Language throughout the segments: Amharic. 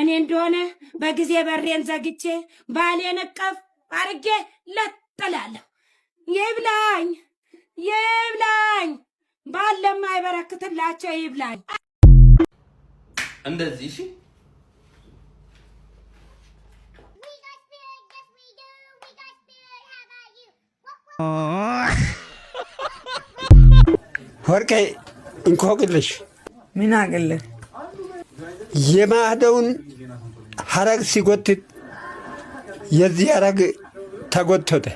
እኔ እንደሆነ በጊዜ በሬን ዘግቼ ባሌን እቀፍ አርጌ ለጥላለሁ። ይብላኝ ይብላኝ፣ ባል ለማይበረክትላቸው ይብላኝ። እንደዚህ እሺ ወርቄ እንኮግልሽ ምን አገለ የማህደውን ሀረግ ሲጎትት የዚህ ሀረግ ተጎተተ።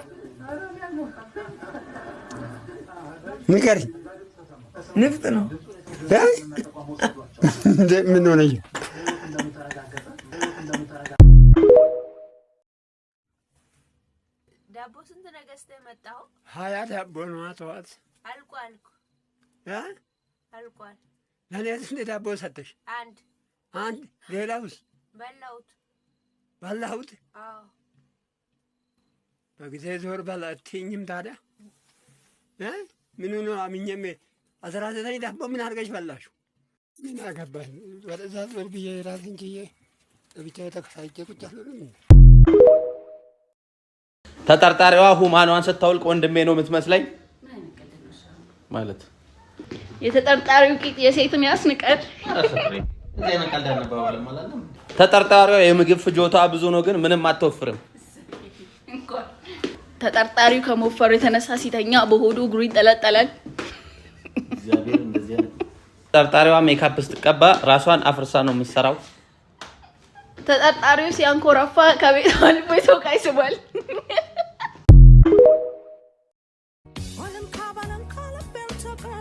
ንገሪ ንፍጥ ነው ምን ሆነ? ዳቦ ስንት ነገስተ መጣሁ? ሀያ ዳቦ ነው። አተዋት አልኩ አልኩ አልቋል። ለእኔ ስንት ዳቦ ሰጠሽ? አንድ አንድ። ሌላውስ? በላሁት በላሁት። በጊዜ ዞር በላ አትይኝም ታዲያ? ምኑ ነው አምኜም አስራ ዘጠኝ ዳቦ ምን አድርገሽ በላሹ? ምን አገባኝ። ወደዛ ዞር ብዬ ራሴን ችዬ ብቻ የተከሳይቼ ቁጭ አልልም። ተጠርጣሪዋ ሁማኗን ስታውልቅ ወንድሜ ነው የምትመስለኝ ማለት የተጠርጣሪው ቂጥ የሴትም ያስንቀል። ተጠርጣሪዋ የምግብ ፍጆታ ብዙ ነው፣ ግን ምንም አትወፍርም። ተጠርጣሪው ከመወፈሩ የተነሳ ሲተኛ በሆዱ እግሩ ይጠለጠላል። ተጠርጣሪዋ ሜካፕ ስትቀባ ራሷን አፍርሳ ነው የምትሰራው። ተጠርጣሪው ሲያንኮራፋ ከቤት አልፎ ሰው ጋ